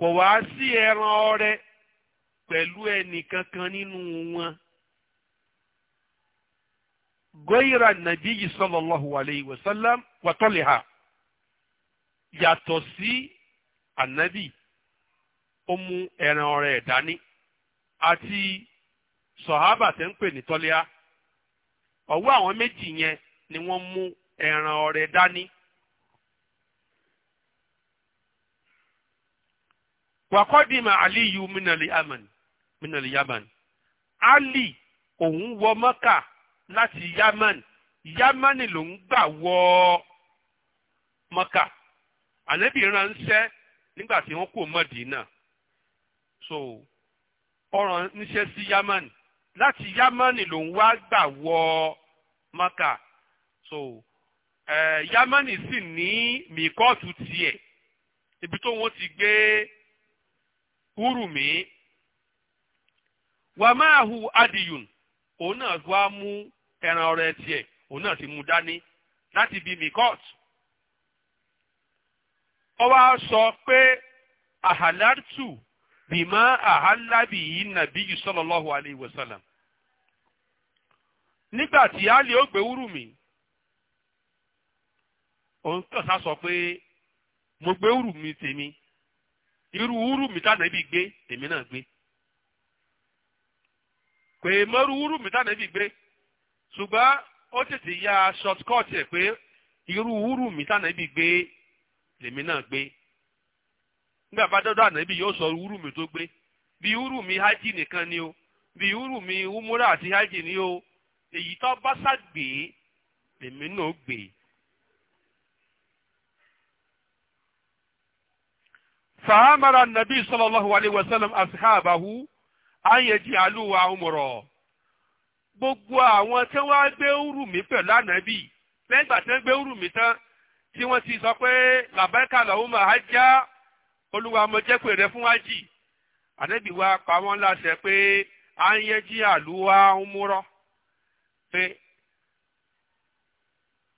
kò wá sí ẹran ọrẹ pẹ̀lú kankan nínú wọn. gọ́yìrà nàbíyí sallallahu alayhi wa sallam ha yàtọ̀ sí ànábì ó mú ẹran ọrẹ ẹ̀ dání àti sọ̀hábà tẹ́ ń pè ní tọ́lẹ́á ọ̀wọ́ àwọn méjì yẹn ni wọ́n mú ẹran ọrẹ dání wàkọ́dìmọ̀ aliyu minali yaman minali yaman ali òun wọ mọ́kà láti yaman yaman ló ń gbà wọ mọ́kà ànábì ránṣẹ́ nígbà tí wọ́n kò mọ́dínà so ọ̀ràn níṣẹ́ sí yaman láti yaman ló ń wá gbà wọ mọ́kà so eh, yaman sì ní mìkọ́ọ̀tù tiẹ̀ ibi tó wọ́n ti gbé. hurumi wàmáàhù adìyún òun náà wá mú ẹran ọrẹ tiẹ̀ òun náà ti mú dání láti bí mikot ó a sọ pé ahalartu bima ahalabi yìí nàbí sallallahu alayhi wa sallam nígbà tí ali ó gbé hurumi òun kàn sá sọ pé mo gbé hurumi tèmi. irú wúrú mi tànàbí gbé èmi náà gbé pé mọ́rú wúrú mi tànàbí gbé ṣùgbọ́n ó tètè ya shortcut ẹ̀ pé irú wúrú mi tànàbí gbé lèmi náà gbé nígbà bá dọ́dọ̀ ibi yóò sọ wúrú mi tó gbé bí wúrú mi hajj nìkan ni o bí wúrú mi umura àti hajj ni o èyí tó bá ṣàgbé lèmi náà gbé. فامر النبي صلى الله عليه وسلم أصحابه أن يجعلوه عمره gbogbo àwọn tí wọ́n gbé urù mi pẹ̀lú ànábì lẹ́gbàá tí wọ́n gbé urù mi tán tí wọ́n ti sọ pé làbẹ́ka làwọn máa já olúwa mo jẹ́ pé rẹ fún wájì ànábì wa pa wọ́n láṣẹ pé à àlùwà ń pé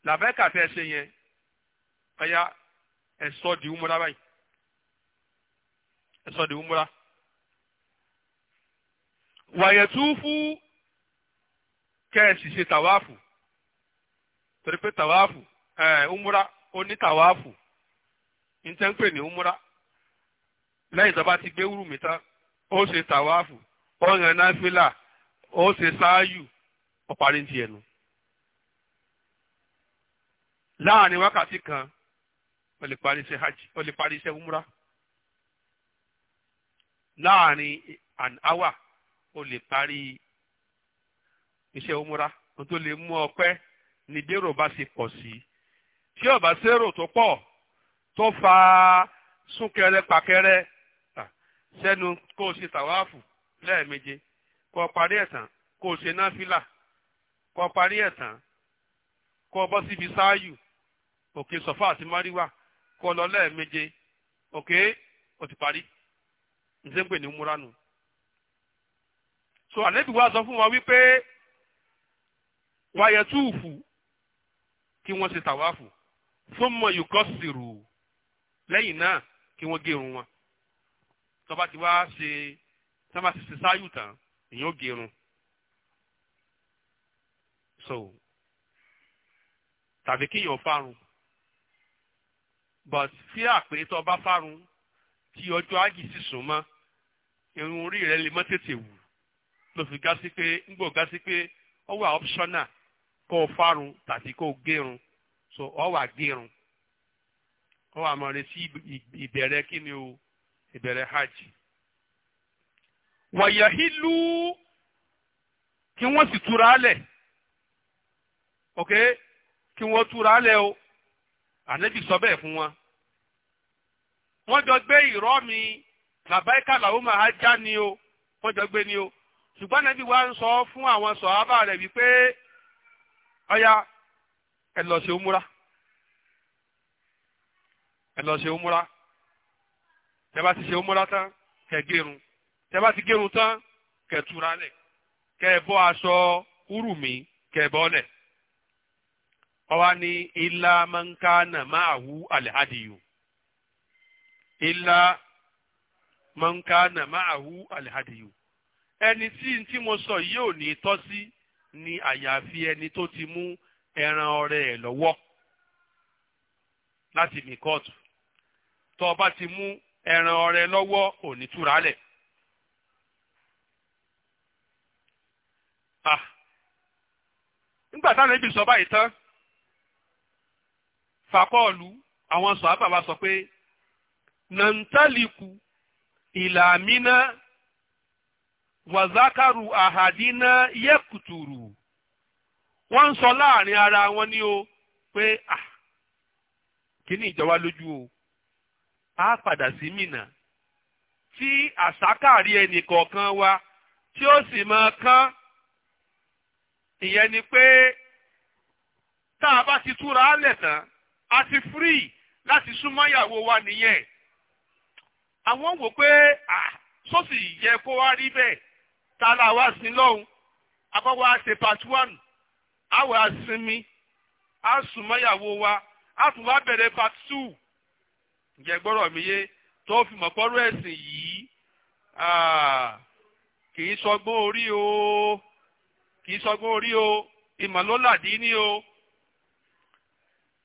làbẹ́ka tẹ̀ ṣe yẹn ọ̀ya ẹ̀sọ́ di ń báyìí ẹ sọ di umra wàyẹ̀túfú kẹ́ẹ̀sì ṣe tàwáàfù torí pé tàwáàfù eh, umra ó ní tàwáàfù ní tẹ́ ń pè ní umra lẹ́yìn tó bá ti gbé wúrù mi tán ó ṣe tàwáàfù ó yàn náfìlà ó ṣe sááyù ó parí ti láàrin wákàtí kan ó parí iṣẹ́ hajj ó parí iṣẹ́ umra láàrin an hour o lè parí iṣẹ́ òmùra o tó lè mú ọpẹ́ ní dérò bá ṣe pọ̀ sí tí ọba sérò tó pọ̀ tó fa súnkẹrẹ pàkẹrẹ sẹ́nu kó o ṣe tàwáàfù lẹ́ẹ̀meje kó o parí ẹ̀tàn kó o ṣe náfìlà kó o parí ẹ̀tàn kó o bọ́ síbi sáàyù òkè sọ̀fà àti máríwá kó o lọ lẹ́ẹ̀meje òkè o ti parí ǹjẹ́ ń pè nù. so ànábì wa sọ fún wa wípé wàyẹ̀ túùfù kí wọ́n ṣe tàwáfù fún mọ̀ yòókọ́ sírù lẹ́yìn náà kí wọ́n gé irun wọn tó bá ti wá ṣe tó ti ṣe sáyù tán èèyàn ó so tàbí kéèyàn fárun but fíà pé tó bá fárun tí ọjọ́ ájì sì sùn mọ́ irun orí rẹ lè má tètè wù ló fi gá sí pé ń gbọ́ gá sí pé ó wà optional kó o fárun tàbí kó o gérun so ọ wà gérun ọ wà máa retí ìbẹ̀rẹ̀ kí ni o ìbẹ̀rẹ̀ hajj. wàyàhílù kí wọ́n sì túra lẹ̀ ok kí wọ́n túra lẹ̀ o ànábì sọ bẹ́ẹ̀ fún wọn. wọ́n jọ gbé ìrọ́ mi làbáíkà làwọn máa já ni o wọ́n jọ gbé ni o ṣùgbọ́n nàbí wa ń sọ fún àwọn sọ̀hábà rẹ̀ wípé ọ̀ya ẹ lọ ṣe òmúra ẹ lọ ṣe òmúra tẹ́ bá ti ṣe òmúra tán kẹ́ gẹrun tẹ́ bá ti gẹrun tán kẹ́ túra lẹ̀ kẹ́ bọ́ aṣọ húrùmí kẹ́ bọ́ lẹ̀ ọwa ni ilá mọ́ńkánà máa wú àlẹ́ àdìyù illa man kana ma'ahu alhadiyu ẹni tí tí mo sọ yìí ò ní tọ́ sí ni àyàfi ẹni tó ti mú ẹran ọrẹ ẹ̀ lọ́wọ́ láti mi kóòtù tó o bá ti mú ẹran ọrẹ lọ́wọ́ ò ní túra lẹ̀. Ah. nígbà táwọn ẹbí sọ báyìí tán fàkọọ̀lù àwọn sọ̀ ábàbà sọ pé nantaliku ìlàmínà wàzákàrù àhàdínà yẹkùtùrù wọ́n ń sọ láàrin ara wọn ní o pé ah kíní ìjọba lójú o a padà sí Mínà tí àsákàrí ẹnì kọ̀ọ̀kan wa tí ó sì máa kán ìyẹn ni pé tá a bá ti túra á lẹ̀ tán a ti fírì láti súnmọ́ ìyàwó wa nìyẹn àwọn wò pé sọ́ọ̀sì yẹ kó wá rí bẹ́ẹ̀ ta la wá sí lọ́hùn akọ́kọ́ á ṣe part one á wà á sinmi á sùn mọ́yàwó wa á tún wá bẹ̀rẹ̀ part two ǹjẹ́ gbọ́dọ̀ mi yé tó fi mọ̀ pọ́rọ́ ẹ̀sìn yìí kì í sọgbọ́n orí o kì í sọgbọ́n orí o ìmọ̀lólàdí ni o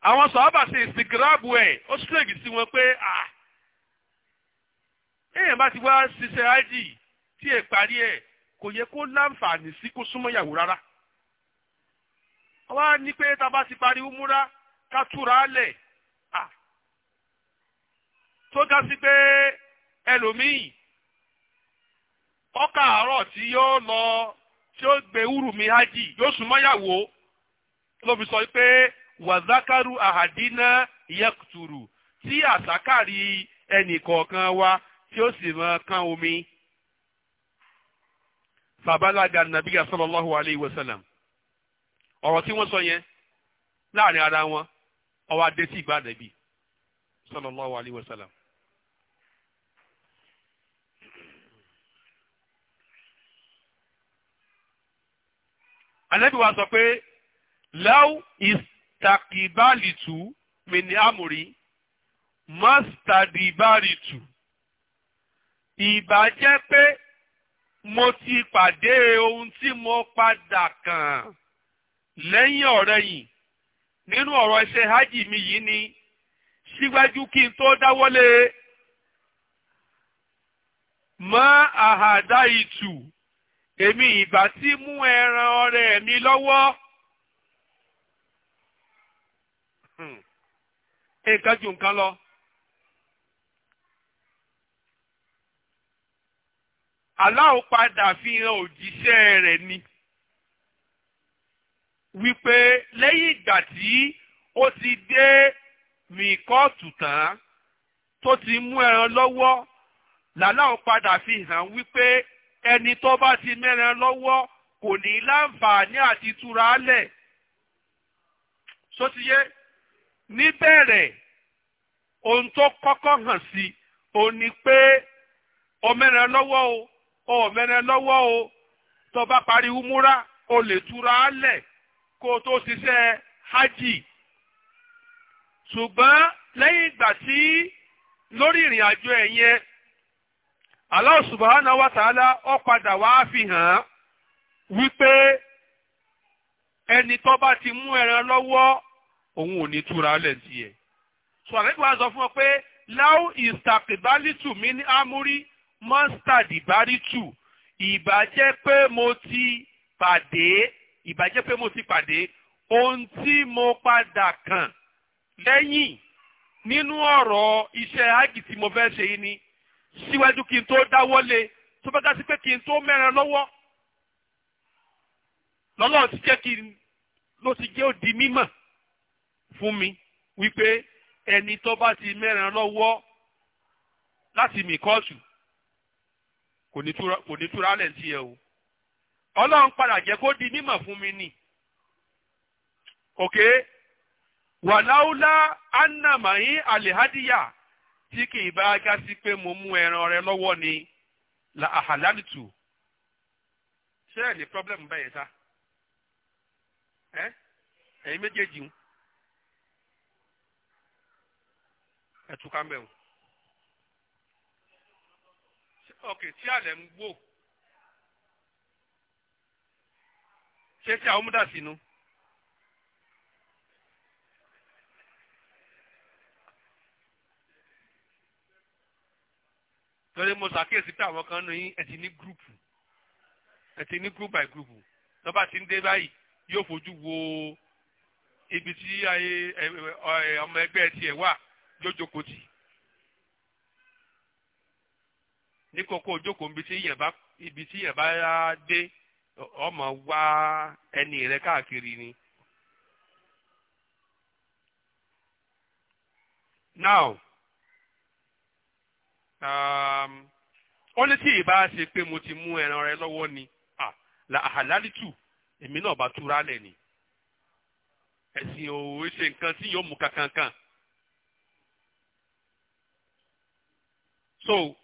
àwọn sọ̀rọ̀ bá ṣe ìsìnkìrábù ẹ̀ ó ṣèlèkì sí wọn pé ah èèyàn bá ti wá ṣiṣẹ́ áìdì tí ẹ parí ẹ̀ kò yẹ kó láǹfààní sí kó súnmọ́ ìyàwó rárá wá ní pé a bá ti umura ká túra lẹ̀ ga sí pé ẹlòmíì ọkà àárọ̀ tí yóò lọ tí ó gbé wúrù mi hajj yóò súnmọ́ ìyàwó ló fi sọ pé wàzákàrú àhàdínà tí àsákàrí wa tí ó sì máa kán omi fàbálàgà nàbíyà sallallahu alayhi wa sallam ọ̀rọ̀ tí wọ́n sọ yẹn láàrin ara wọn ó wá dé sí ìgbà nàbí sallallahu alayhi wa sallam. wa sọ pé law istakibalitu min amri mastadibaritu ìbá jẹ́ pé mo ti pàdé ohun tí mo padà kàn lẹ́yìn ọ̀rẹ̀yìn nínú ọ̀rọ̀ iṣẹ́ hajj mi yìí ni síwájú kí n tó dáwọ́lé mọ́ àhàdá ìtù èmi ìbá ti mú ẹran ọrẹ mi lọ́wọ́. Hmm. nǹkan ju nǹkan lọ. Allah padà fi hàn òjíṣẹ́ rẹ̀ ni wípé lẹ́yìn ìgbà tí ó ti dé mìkọ́ọ̀tù tán tó ti mú ẹran lọ́wọ́ làlá ò padà fi hàn wípé ẹni tó bá ti mẹ́ran lọ́wọ́ kò ní láǹfààní àti túra lẹ̀ sótìyé níbẹ̀rẹ̀ ohun tó kọ́kọ́ hàn sí òun ni pé ọmọ ẹran lọ́wọ́ o ọ̀mẹ́rẹ́ lọ́wọ́ o tó bá o lè túra lẹ̀ kó o tó ṣiṣẹ́ hajj ṣùgbọ́n lẹ́yìn ìgbà tí lórí ìrìn àjò ẹ̀ yẹn Allah subhanahu ọ padà wá fi hàn wípé ẹni tó bá ti mú ẹran lọ́wọ́ òun ò ní fún ọ pé láwù mi ní ámúrí mustard ìbáritù ìbàjẹ́ pé mo ti pàdé ìbàjẹ́ pé mo ti pàdé ohun tí mo padà kàn lẹ́yìn nínú ọ̀rọ̀ iṣẹ́ ágì tí mo fẹ́ ṣe yìí ni síwájú kí n tó dáwọ́lé tó bá dá sí pé kí n tó mẹ́rin lọ́wọ́ lọ́lọ́run ti jẹ́ kí n ló ti jẹ́ òdi mímọ̀ fún mi wípé ẹni tó bá ti mẹ́rin lọ́wọ́ láti mì kò ní túra lẹ̀ sí ẹ o ọlọ́run padà jẹ́ kó di mímọ̀ fún mi nì òkè wàláúlá anamayi alihadiya tí kì í bá já sí pé mo mú ẹran rẹ lọ́wọ́ ni la ahalalitu ṣé ẹ ní pọ́blẹ́mù bẹ́ẹ̀ sá ẹ ẹ̀yin méjèèjì ń ẹ̀túkà mẹ́wọ̀n. ọkè tí àlẹ́ ń gbò ṣé tí àwọn múdà sínú. torí mo ṣàkíyèsí pé àwọn kan nù yín ẹ ti ní gúrùpù ẹ ti ní group by group lọ́ba ti ń dé báyìí yóò fojú wo ibi tí ọmọ ẹgbẹ́ tiẹ̀ wà yóò jókòó tì í. ní kókó ojókòó ibi tí yẹn bá dé ọmọ wá ẹni rẹ káàkiri ni. now um, ó ní tí ìbá ṣe pé mo ti mú ẹran rẹ lọ́wọ́ ni la àhàlálítù èmi náà bá túra lẹ̀ ni ẹ̀sìn òwe ṣe nǹkan tí yóò mú kankan kan. so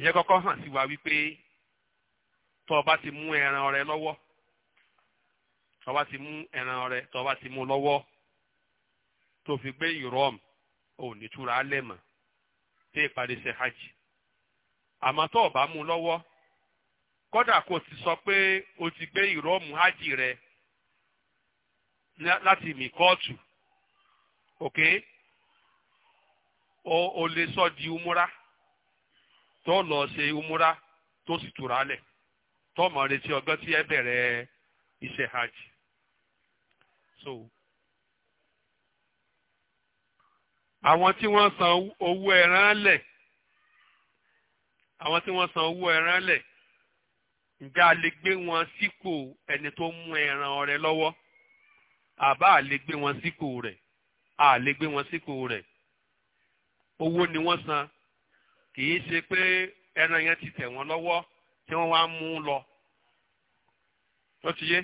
ìyẹn kọ́kọ́ hàn sí wa wípé tó o bá ti mú ẹran rẹ lọ́wọ́ tó o bá ti mú ẹran rẹ tó o bá ti mú lọ́wọ́ tó fi gbé ìrọ́m ò ní túra á lẹ̀ mọ́ tẹ́ ìparí ṣe hajj àmọ́ tó o bá mú lọ́wọ́ kódà kò sì sọ pé o ti gbé ìrọ́m hajj rẹ láti mì kóòtù òkè o ò lè sọ di umura. tó lọ ṣe umura tó sì túra lẹ̀ tó mọ̀ retí ọgbọ́n tí ẹ bẹ̀rẹ̀ iṣẹ́ hajj. So, àwọn tí wọ́n san owó ẹran lẹ̀ àwọn tí wọ́n san owó ẹran ǹjẹ́ a lè gbé wọn síkò ẹni tó mú ẹran ọrẹ lọ́wọ́ àbá a lè gbé wọn rẹ̀ a lè gbé wọn síkò rẹ̀ owó ni wọ́n san kì í ṣe pé ẹran yẹn ti tẹ̀ wọ́n lọ́wọ́ tí wọ́n wá mú lọ tó ti yé.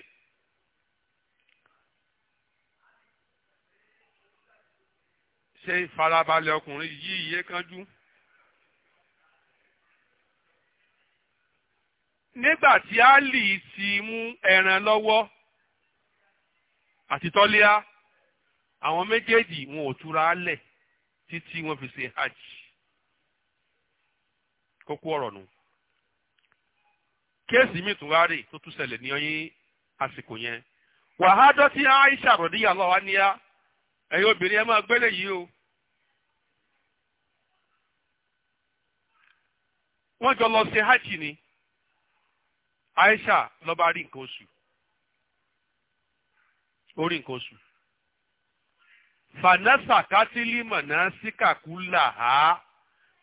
ṣé ìfarabalẹ̀ ọkùnrin yìí yé kánjú. nígbà tí Ali ti mú ẹran lọ́wọ́ àti tọ́líà àwọn méjèèjì wọn ò túra lẹ̀ títí wọn fi ṣe hajj. kókó ọ̀rọ̀ nù kéèsì mi tún wá tó tún ṣẹlẹ̀ ní ọyìn àsìkò yẹn wàhádọ́ tí Aisha rọ̀díyà lọ́wọ́ ní yá ẹ̀yin obìnrin ẹ máa gbélé yìí o. wọ́n jọ lọ sí hajj ni Aisha ló bá rí nǹkan oṣù ó rí nǹkan oṣù fanasa katilima náà síkàkú là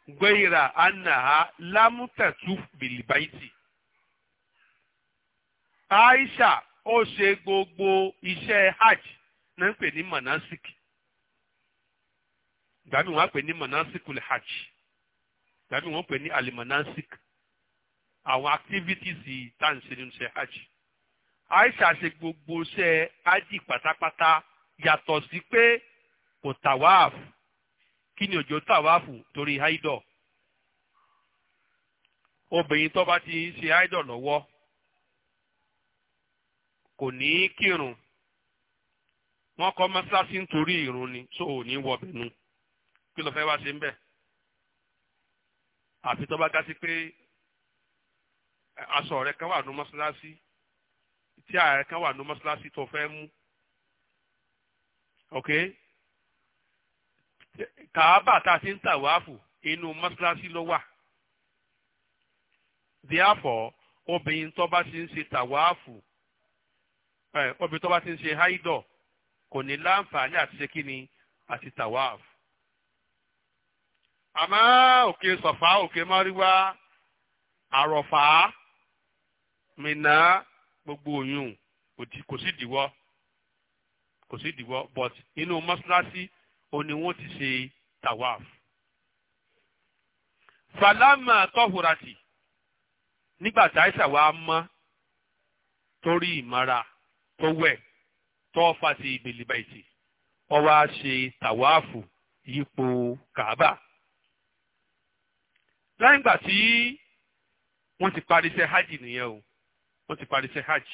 gbẹ́yìrà anaha lámútẹ̀tù bìlìbáìtì. Aisha o se gbogbo ise hajj na ń pè ní manasik. Dàbí wọ́n á pè ní manasikul hajj. Dàbí wọ́n pè ní alimanasik. Àwọn activities tá à ń ṣe nínú iṣẹ́ hajj. Aisha se gbogbo iṣẹ́ hajj pátápátá yàtọ̀ sí pé kò tàwáàfù. kí ni òjò tàwáàfù torí haidọ̀ obìnrin tó bá ti ń ṣe haidọ̀ lọ́wọ́ kò ní kírun wọ́n kọ́ mọ́ṣáláṣí nítorí ìrun ni tó ò ní wọ bẹnu kí ló fẹ́ wá ṣe ń bẹ̀ àfi tó bá ká sí pé aṣọ rẹ̀ kan wà ní mọ́ṣáláṣí tí ààrẹ kan wà ní mọ́ṣáláṣí tó fẹ́ mú kaaba ta si n ń tàwáàfù inú mọ́ṣáláṣí ló wà therefore obìnrin tó bá ti ń ṣe tàwáàfù obìnrin tó bá ti ń ṣe haidọ̀ kò ní láǹfààní àti ṣe kíni àti tàwáàfù àmọ́ òkè sọ̀fà òkè mọ́ríwá àrọ̀fà mìnà gbogbo òyìn kò sí ìdíwọ́ kò sí ìdíwọ́ but inú mọ́ṣáláṣí. Oni wọ́n ti ṣe tawaf. falama tọ́hùrasì nígbà tí àìsàn wa mọ́ torí ìmọ̀ra tó wẹ̀ tó fà sí ìbèlìbàìtì ó wá ṣe tàwáàfù yípo kàábà. lẹ́yìn ìgbà tí wọ́n ti parí iṣẹ́ hajj nìyẹn o wọ́n ti parí iṣẹ́ hajj.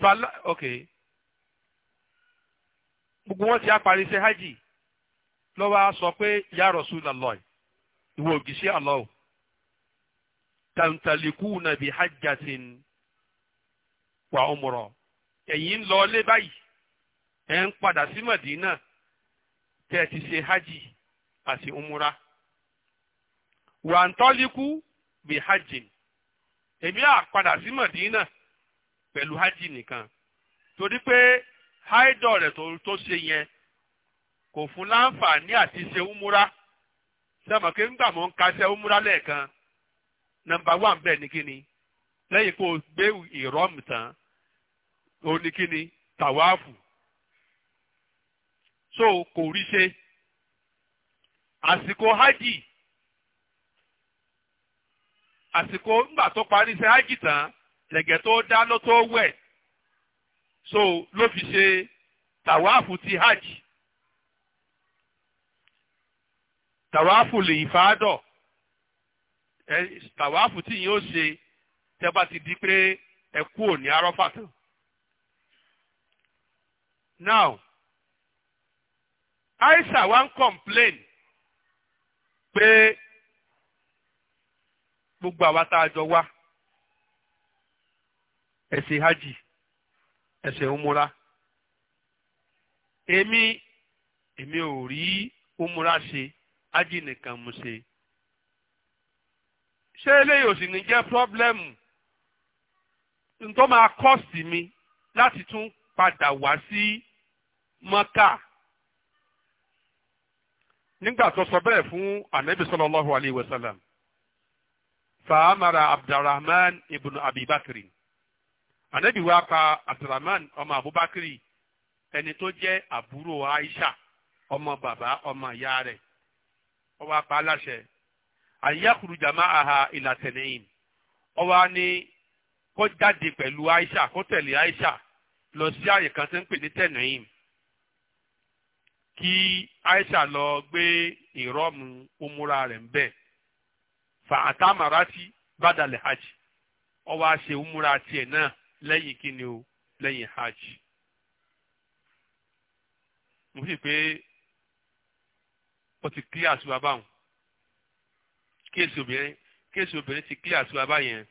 Fala, okay gbogbo wọn ti á parí iṣẹ́ hajj lọ́wọ́ á sọ pé ya Rasulullah ìwọ ògìṣẹ́ Allah o tantalikuna bi hajjatin wa umra ẹ̀yin ń lọ ilé báyìí ẹ̀ ń padà sí Màdínà tẹ́ ẹ ti ṣe hajj àti umra wà ń tọ́líkú bi hajjin èmi á padà sí Màdínà pẹ̀lú hajj nìkan torí pé haidọ̀ rẹ̀ tó ṣe yẹn kò fún láǹfààní àti ṣe umura sẹ́mọ̀ kí ń gbà mọ́ ń ka ṣe umura lẹ́ẹ̀kan nọmba wán bẹ́ẹ̀ ni kíni lẹ́yìn kó o gbé ìrọ́mù tán o ní kíni tàwáàfù so kò rí ṣe àsìkò hajj àsìkò ńgbà tó parí ṣe hajj tán lẹ̀gẹ̀ tó dá ló tó so ló fi ṣe tàwáàfù ti hajj tàwáàfù lè ìfàádọ̀ ẹ tàwáàfù tí yìí ó ṣe tẹ́ bá ti di pé ẹ kú òní arọ́fà tán. now aisha wa ń complain pé gbogbo àwa tá a jọ wá ẹ ṣe hajj ẹsẹ̀ umura èmi èmi ò rí umura ṣe ájì nìkan mu ṣe ṣé eléyìí ò sì ní jẹ́ pọ́blẹ́mù tó máa kọ́ọ̀sì mi láti tún padà wá sí mọ́kà nígbà tó sọ bẹ́ẹ̀ fún anabi sallallahu alayhi wa sallam fàámàrà abdulrahman ibn abibakiri ànábì wa pa abdulrahman ọmọ abubakari ẹni tó jẹ́ àbúrò aisha ọmọ bàbá ọmọ ìyá rẹ̀ ó wá aláṣẹ àyàkùrù jama aha ìlàtẹ̀lẹ́yìn ó wá ní kó jáde pẹ̀lú aisha kó tẹ̀lé aisha lọ sí àyè kan tó ń pè ní tẹ̀lẹ́yìn kí aisha lọ gbé ìrọ́mù umura rẹ̀ ń bẹ̀ fa àtàmàràtì bàdàlẹ̀ hajj ó wá ṣe umura tiẹ̀ náà lẹ́yìn kíni o lẹ́yìn hajj mo fi pé ó ti clear sí wa báwọn kéèsì obìnrin kéèsì obìnrin ti clear sí wa báyẹn.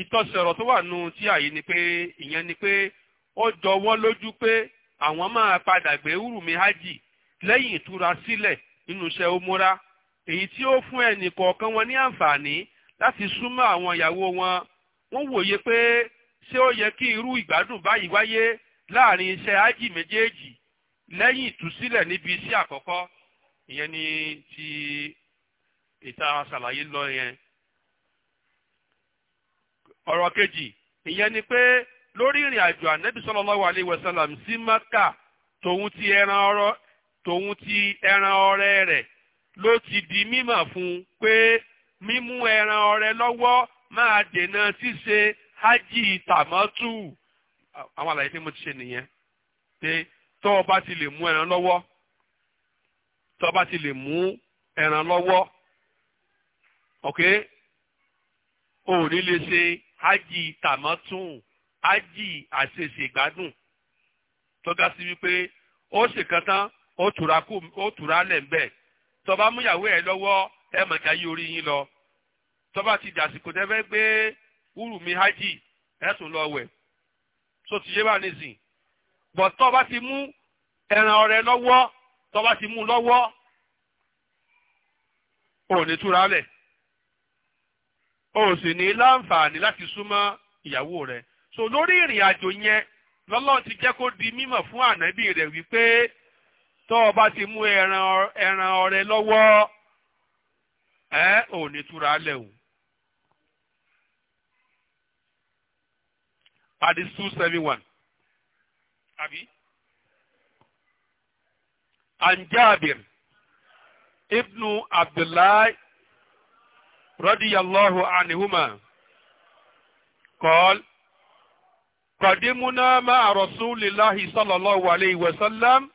ìtọ́sí ọ̀rọ̀ tó wà nù tí àyè ni pé ìyẹn ni pé ó jọ wọ́n lójú pé àwọn máa padà gbé wùrùmí hajj lẹ́yìn ìtura sílẹ̀ nínú iṣẹ́ omora èyí tí ó fún ẹnì kọ̀ọ̀kan wọn ní àǹfààní láti súnmọ́ àwọn ìyàwó wọn wọ́n wòye pé ṣé ó yẹ kí irú ìgbádùn báyìí wáyé láàrin iṣẹ́ ájì méjèèjì lẹ́yìn ìtúsílẹ̀ níbi iṣẹ́ àkọ́kọ́ ìyẹn ni ti ìta ṣàlàyé lọ yẹn. ọ̀rọ̀ kejì ìyẹn ni pé lórí ìrìn àjò ànábì sallallahu alaihi wasallam sí Mákà tòun ti ẹran ọrọ tòun ti ẹran ọrẹ rẹ̀ ló ti di mímọ̀ fún pé mímú ẹran ọrẹ lọ́wọ́ máa dènà ṣíṣe hajj tàmọ́tù àwọn àlàyé tí mo ti ṣe nìyẹn pé tọ́ ọ bá ti lè mú ẹran lọ́wọ́ tọ́ ọ bá ti lè mú ẹran lọ́wọ́ ok o ò ní lè ṣe hajj tàmọ́tù hajj àṣeṣègbádùn tó sí wípé ó ṣèkan ó tura lẹ̀ ń bẹ̀ tọ́ ọ mú ìyàwó ẹ lọ́wọ́ ẹ mọ̀ ká yí orí yín lọ tó bá ti dàsìkò tẹ́ fẹ́ gbé wúrù mi hajj ẹ tún lọ wẹ̀ so ti ṣe bá nísìn bọ̀ tó bá ti mú ẹran ọrẹ lọ́wọ́ tó bá ti mú lọ́wọ́ ò ní túra lẹ̀ o sì ní láǹfààní láti súnmọ́ ìyàwó rẹ̀ so lórí ìrìn àjò yẹn lọ́lọ́run ti jẹ́ kó di mímọ̀ fún ànábì rẹ̀ wípé tó o bá ti mú ẹran ọrẹ lọ́wọ́ ẹ ò ní túra lẹ̀ o. Hadith two seven one. Àbí? An Jabir ibnu Abdullahi radiyallahu anihuma qal qadimuna ma'a rasulillahi sallallahu alayhi wa sallam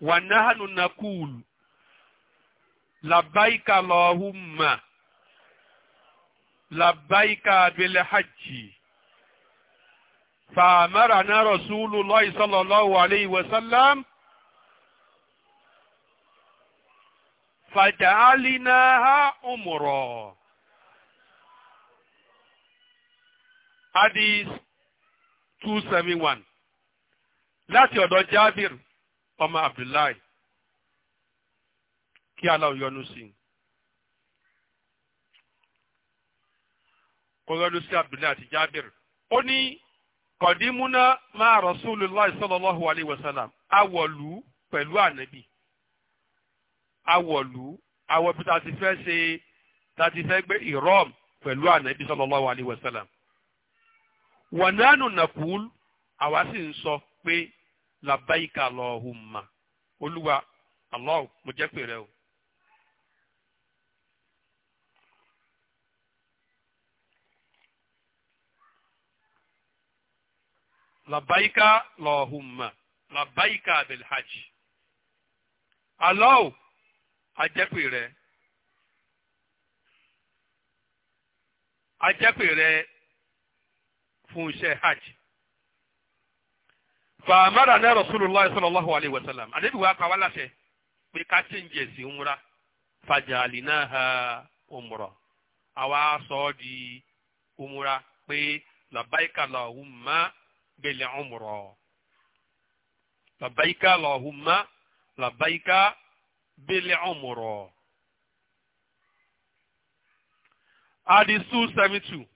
wanahanu nakulu labaika lọhùnmá labaika bilhajji fàmàrànà rasulu lọ́yì sọlọ́lọ́wọ́ aleyhi wasalam fàjàálínáhà umrọ̀. Hadith 271 láti ọ̀dọ̀ Jábìrì ọmọ abdullahi kí aláwọ̀ yọ́nú sí i kó yọ́nú sí abdullahi àti jábìrì ó ní kọ̀dímúná máa rasulillah sallallahu alayhi wa sallam awọ̀lú pẹ̀lú ànábì awọ̀lú awọ̀ bí ta ti fẹ́ ṣe ta ti fẹ́ gbé ìrọ́m pẹ̀lú ànábì sallallahu alayhi wa nàkúl àwa sì ń sọ pé labbaika Allahumma olúwa Allah mo jẹ́ pè rẹ o. labaika lọhùnmà labaika abilhajj alọ́ọ̀ ajẹ́pè rẹ ajẹ́pè rẹ fún iṣẹ́ hajj fàmàrà náà rasulillah sallallahu alayhi wa sallam ànábì wa kà wá láṣẹ pé ká ha umra àwa sọ ọ́ di umra pé labaika lahumma bẹ̀lẹ̀ umra labaika lahumma labaika bẹ̀lẹ̀ umra. Adi 272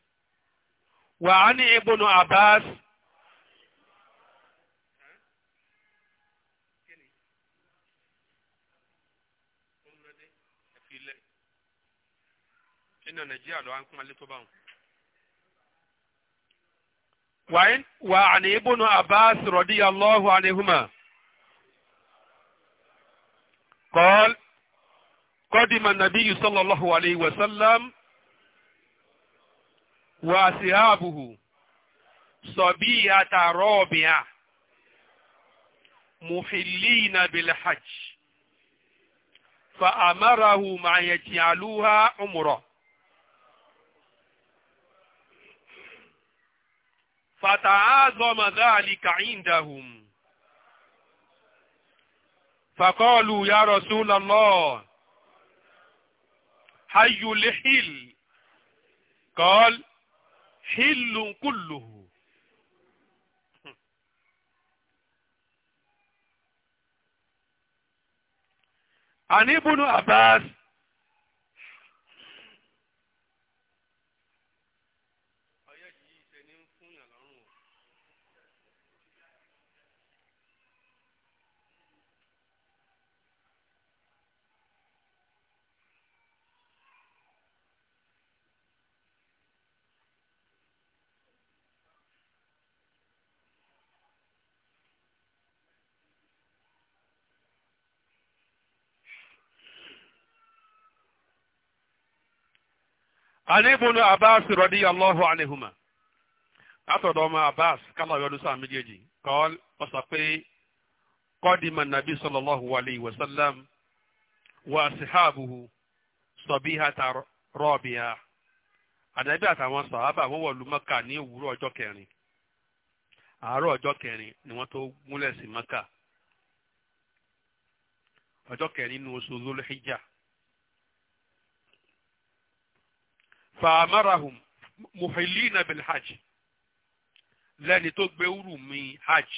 وعن iná nàìjíríà lọ́wọ́ kún alẹ́ tó bá وعن ابن عباس رضي الله عنهما قال قدم النبي صلى الله عليه وسلم وأصحابه صبية رابعة محلين بالحج فأمره أن يجعلوها عمره فتعظم ذلك عندهم فقالوا يا رسول الله حي لحل قال حل كله عن ابن عباس alibunu abbas radiyallahu anihuma látọ̀dọ̀ ọmọ abbas kálá yọdún sáà méjèèjì kọ́ọ́l ó sọ pé kọ́dìmọ̀ nàbí sallallahu alayhi wa sallam wa sihabuhu sabihata rabi'a àdàbí àtàwọn sàhábà wọ́n wọ̀lú mọ́kà ní òwúrọ̀ ọjọ́ kẹrin àárọ̀ ọjọ́ kẹrin ni wọ́n tó múlẹ̀ sí mọ́kà ọjọ́ kẹrin nínú oṣù lólùhíjà fàmárahùn muhilina bil hajj lẹ́ni tó gbé urù mi hajj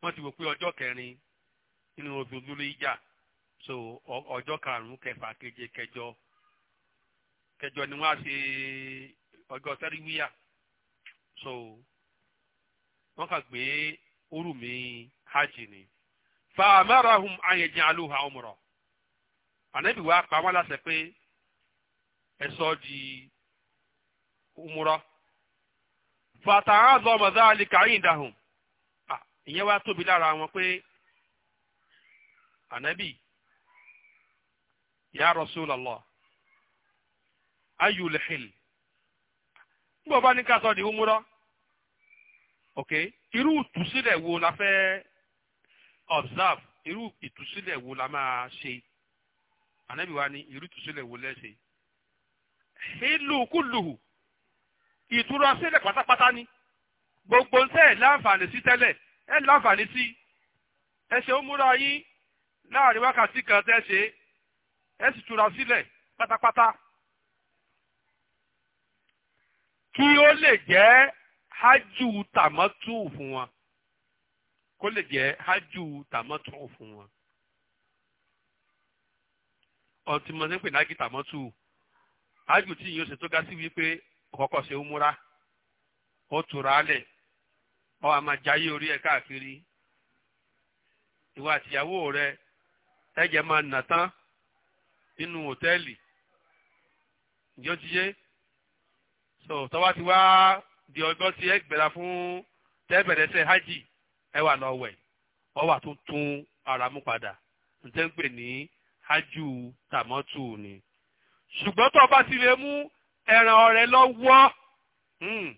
wọ́n ti wò pé ọjọ́ kẹrin so ọjọ́ karùn kẹfà keje kẹjọ kẹjọ ni wọ́n á ṣe so wọ́n kà gbé urù mi hajj ni amarahum ayẹjẹ alóhà umra ànábì wa pa wọ́n láṣẹ pé. ẹ di umura fata azọmọ dáàlì kàyìn dàhùn ìyẹn wá tóbi lára ya Rasulullah ayul hil nígbà bá ní ká di ok iru la observe irú ìtúsílẹ̀ la máa ṣe wa hílù kúlùhù ìtura sílẹ̀ pátápátá ni gbogbo ntẹ́ ẹ̀ láǹfààní sí tẹ́lẹ̀ ẹ̀ láǹfààní sí ẹ ṣe ó múra yín láàrin wákàtí kan tẹ́ ṣe ẹ sì tura sílẹ̀ pátápátá kí ó lè jẹ́ hájú tàmọ́tù fún wọn kó lè jẹ́ hájú tàmọ́tù fún wọn ọtí mo ti ń pè ní ágì tàmọ́tù ájù tí yìí ó ṣe tó ga sí wípé ọ̀kọ́kọ́ ṣe ó múra ó tura alẹ̀ ọ àmà jayé orí ẹ̀ káàkiri ìwà àtìyàwó rẹ ẹ̀jẹ̀ máa nà tán nínú hòtẹ́ẹ̀lì ìjọ ti yé so tọ́wá ti wá di ọgbọ́n tí ẹ gbẹ̀rà fún tẹ́bẹ̀rẹ̀sẹ̀ hajj ẹ wà lọ wẹ̀ ọ wà tó tún ara padà ǹjẹ́ ń pè ní hajj tàmọ́tù ni ṣùgbọ́n tó o bá ti lè mú ẹran ọrẹ lọ́wọ́ hmm,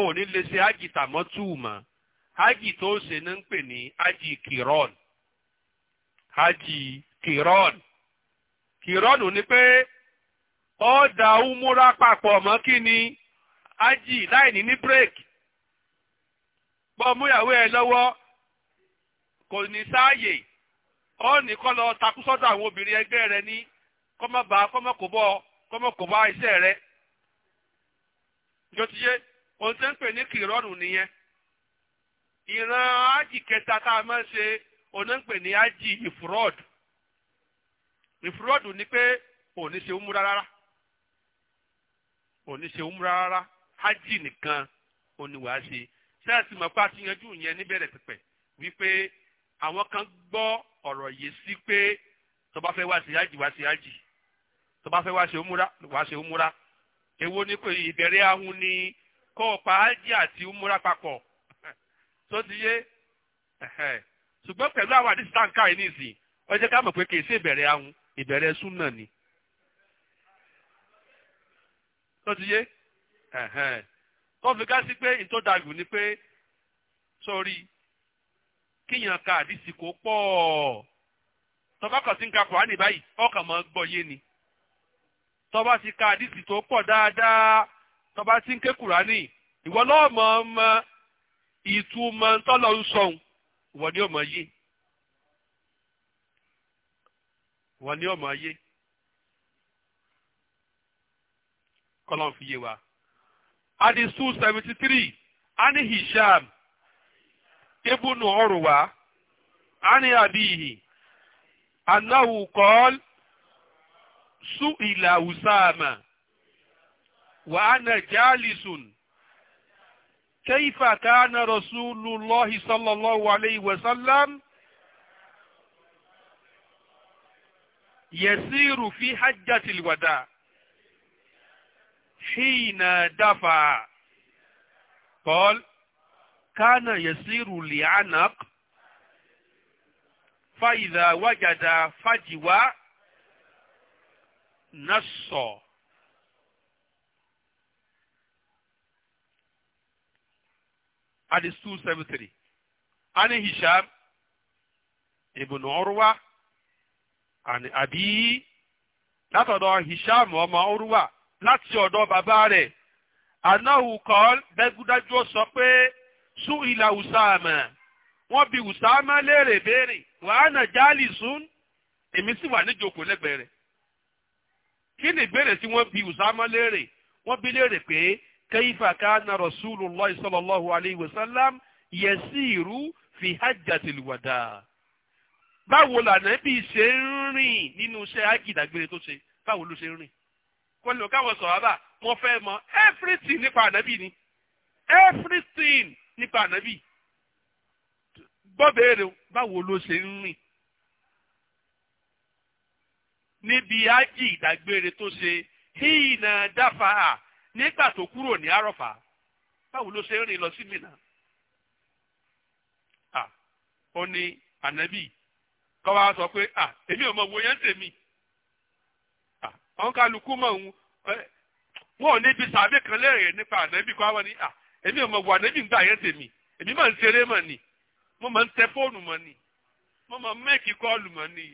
o ní lè ṣe ájì tàmọ́tù mọ́ ájì tó o ṣe ní ń pè ní ájì kìrọ́ọ̀n ájì kìrọ́ọ̀n kìrọ́ọ̀nù ni pé ó da umura papọ̀ mọ́ kí ni ájì láì ní ní bírèkì bọ́ múyàwó ẹ lọ́wọ́ kò ní sáàyè ó ní kọ́ lọ takú sọ́dọ̀ àwọn obìnrin ẹgbẹ́ rẹ ní kọ́mọ bá kọ́mọ kò bọ́ kọ́mọ kò bá iṣẹ́ rẹ. Ìjọ ti yé ohun tí ń pè ní kìrọ́ọ̀nù nìyẹn. Ìran ájì kẹta tá a máa ń ṣe òun ń pè ní ájì ìfúrọ́ọ̀dù. Ìfúrọ́ọ̀dù ni pé òní ṣe umra rárá. Òní ṣe umra rárá. Ájì nìkan òní wàá ṣe. Sẹ́ẹ̀sì mọ̀ pé a ti níbẹ̀rẹ̀ pẹ̀pẹ̀ wípé àwọn kan gbọ́ ọ̀rọ̀ yìí sí pé tó fẹ́ wá sí ájì wá sí ájì tó bá fẹ́ wá ṣe umura wá ṣe umura èwo ni pé ìbẹ̀rẹ̀ ahun ni kó o pa ájì àti umura papọ̀ tó ti yé ṣùgbọ́n pẹ̀lú àwọn àdìsí táǹkà yìí nìsín ó jẹ́ ká mọ̀ pé kì í ṣe ìbẹ̀rẹ̀ ahun ìbẹ̀rẹ̀ súnà ni tó ti yé tó fi ká sí pé ìtòdàgù ni pé sórí kíyàn ka àdìsí kò pọ̀ tọ́kọ̀kọ̀ sí ń ka kùránì báyìí ọkàn mọ́ gbọ́ yé ni tọba ti ka àdìsí tó pọ̀ dáadáa tọba ti ń ké kùránì ìwọ lọ́wọ́ mọ̀ ọmọ ìtumọ̀ ntọ́lọ̀ ń sọ̀hún ìwọ ni ọmọ yé ìwọ ni ọmọ yé kọ́lọ́n fi yé wa. Adisu seventy three Ani Hisham Ibnu Urwa Ani Abihi Anahu kọ́ọ́lù. سئل أسامة وأنا جالس كيف كان رسول الله صلى الله عليه وسلم يسير في حجة الوداع حين دفع قال كان يسير لعنق فإذا وجد فجوة نصا at 273 عن هشام ابن عروة عن أبيه látọ̀dọ̀ hisham ọmọ ọrụwa, láti ọdọ bàbá rẹ̀ anáhù kọ́l bẹ́gúdájú sọ pé sún ilà usama wọ́n bi usama léèrè béèrè wàhánà jálì sún emi sì wà níjókòó lẹ́gbẹ̀ẹ́ rẹ̀ kí ni ìbéèrè tí wọ́n bi Usama léèrè wọ́n bi léèrè pé kayfa kana Rasulullah sallallahu alayhi wa sallam yasiru fi hajjatil wada báwo lànàbí ṣe ń rìn nínú iṣẹ́ àgìdàgbére tó ṣe báwo ló ṣe ń rìn kọlù káwọn sọ̀rọ̀bà wọ́n fẹ́ mọ everything nípa ànábì ni everything nípa ànábì gbọ́ béèrè báwo ló ṣe ń rìn níbi ájì ìdágbére tó ṣe híìnà dáfàá nígbà tó kúrò ní àrọ̀fà báwo ló ṣe ń rìn lọ sí Mínà ó ní ànábì kọ́ wa sọ pé èmi ò mọ wo yẹn tèmi àwọn kálukú mọ̀ ń wọn ò níbi sàbẹ̀ kan lẹ́rìn nípa ànábì kọ́ wa ní èmi ò mọ wo ànábì ń gbà yẹn tèmi èmi máa ń ṣeré mọ̀ ni mo máa ń tẹ fóònù mọ̀ ni mo máa ń mẹ́ẹ̀kì kọ́ọ̀lù mọ̀ ni